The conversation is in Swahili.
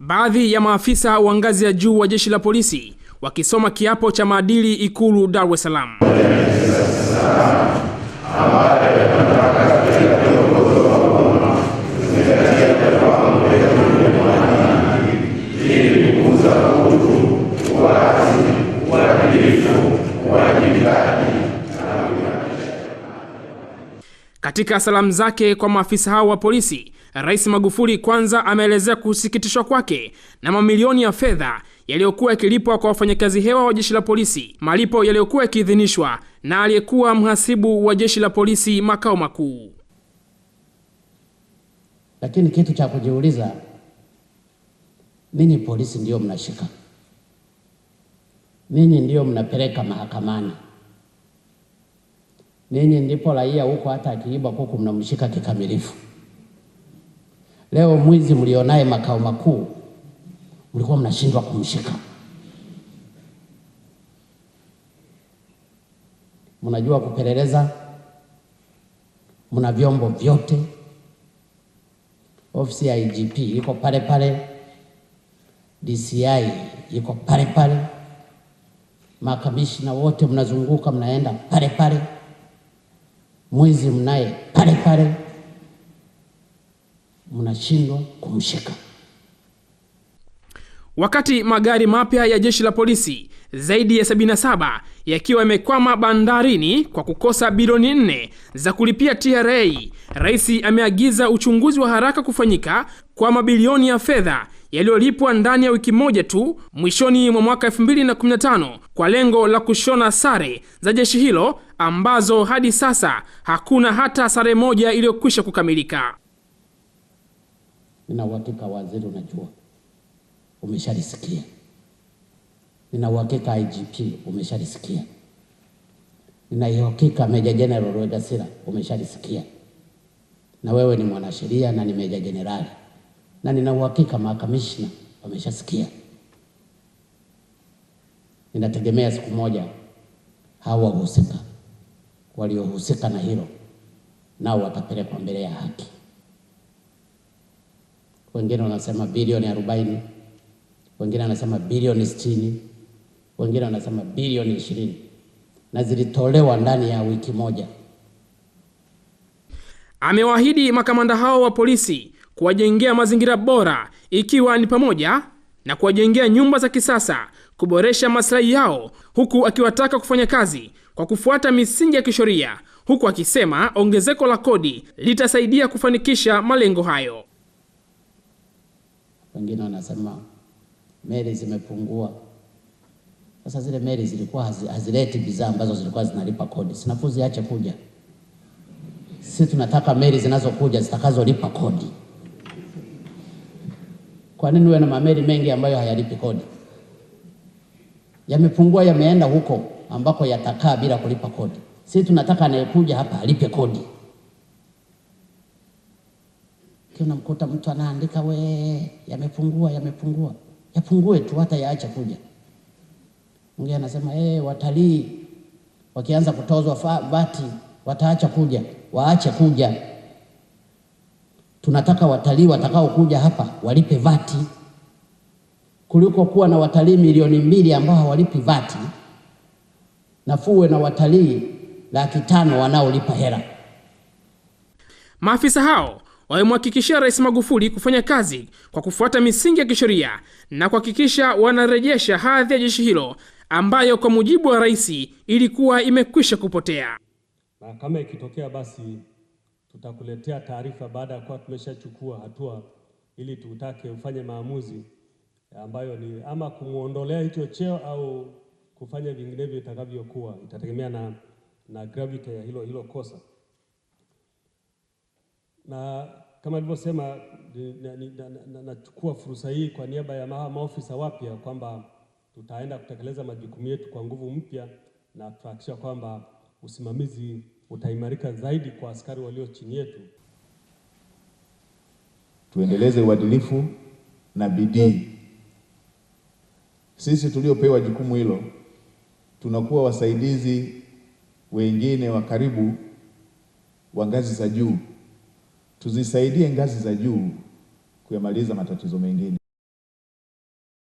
Baadhi ya maafisa wa ngazi ya juu wa jeshi la polisi wakisoma kiapo cha maadili Ikulu Dar es Salaam. Katika salamu zake kwa maafisa hao wa polisi, Rais Magufuli kwanza ameelezea kusikitishwa kwake na mamilioni ya fedha yaliyokuwa yakilipwa kwa wafanyakazi hewa wa jeshi la polisi, malipo yaliyokuwa yakiidhinishwa na aliyekuwa mhasibu wa jeshi la polisi makao makuu. Lakini kitu cha kujiuliza, ninyi polisi ndiyo mnashika, ninyi ndiyo mnapeleka mahakamani, ninyi ndipo raia huko hata akiiba kuku mnamshika kikamilifu. Leo mwizi mlionaye makao makuu mlikuwa mnashindwa kumshika. Mnajua kupeleleza, mna vyombo vyote. Ofisi ya IGP iko pale pale, DCI iko pale pale, makamishina wote mnazunguka, mnaenda pale pale, mwizi mnaye pale pale mnashindwa kumshika. Wakati magari mapya ya jeshi la polisi zaidi ya 77 yakiwa yamekwama bandarini kwa kukosa bilioni nne za kulipia TRA, rais ameagiza uchunguzi wa haraka kufanyika kwa mabilioni ya fedha yaliyolipwa ndani ya wiki moja tu mwishoni mwa mwaka 2015 kwa lengo la kushona sare za jeshi hilo ambazo hadi sasa hakuna hata sare moja iliyokwisha kukamilika. Nina uhakika waziri, unajua umeshalisikia. Nina uhakika IGP umeshalisikia. Nina uhakika Meja Jenerali Rwegasira umeshalisikia, na wewe ni mwanasheria na ni meja jenerali, na nina uhakika makamishna wameshasikia. Ninategemea siku moja hawa wahusika waliohusika na hilo nao watapelekwa mbele ya haki wengine wanasema bilioni arobaini wengine wanasema bilioni sitini wengine wanasema bilioni ishirini na zilitolewa ndani ya wiki moja. Amewaahidi makamanda hao wa polisi kuwajengea mazingira bora ikiwa ni pamoja na kuwajengea nyumba za kisasa, kuboresha maslahi yao, huku akiwataka kufanya kazi kwa kufuata misingi ya kisheria, huku akisema ongezeko la kodi litasaidia kufanikisha malengo hayo wengine wanasema meli zimepungua. Sasa zile meli zilikuwa hazileti bidhaa ambazo zilikuwa zinalipa kodi, sinafuzi nafuu ziache kuja. Sisi tunataka meli zinazokuja zitakazolipa kodi. Kwa nini uwe na mameli mengi ambayo hayalipi kodi? Yamepungua, yameenda huko ambako yatakaa bila kulipa kodi. Sisi tunataka anayekuja hapa alipe kodi. Unamkuta mtu anaandika we, yamepungua yamepungua, yapungue tu, hata yaache kuja. Mwingine anasema hey, eh, watalii wakianza kutozwa vati wataacha kuja, waache kuja. Tunataka watalii watakaokuja hapa walipe vati kuliko kuwa na watalii milioni mbili ambao hawalipi vati, nafuwe na watalii laki tano wanaolipa hela. Maafisa hao wamemhakikishia Rais Magufuli kufanya kazi kwa kufuata misingi ya kisheria na kuhakikisha wanarejesha hadhi ya jeshi hilo ambayo kwa mujibu wa rais ilikuwa imekwisha kupotea. Na kama ikitokea basi, tutakuletea taarifa baada ya kuwa tumeshachukua hatua, ili tutake ufanye maamuzi ambayo ni ama kumwondolea hicho cheo au kufanya vinginevyo itakavyokuwa, itategemea na, na gravity ya hilo, hilo kosa na kama nilivyosema, nachukua fursa hii kwa niaba ya maofisa wapya kwamba tutaenda kutekeleza majukumu yetu kwa nguvu mpya na tutahakikisha kwamba usimamizi utaimarika zaidi kwa askari walio chini yetu. Tuendeleze uadilifu na bidii. Sisi tuliopewa jukumu hilo tunakuwa wasaidizi wengine wa karibu wa ngazi za juu tuzisaidie ngazi za juu kuyamaliza matatizo mengine.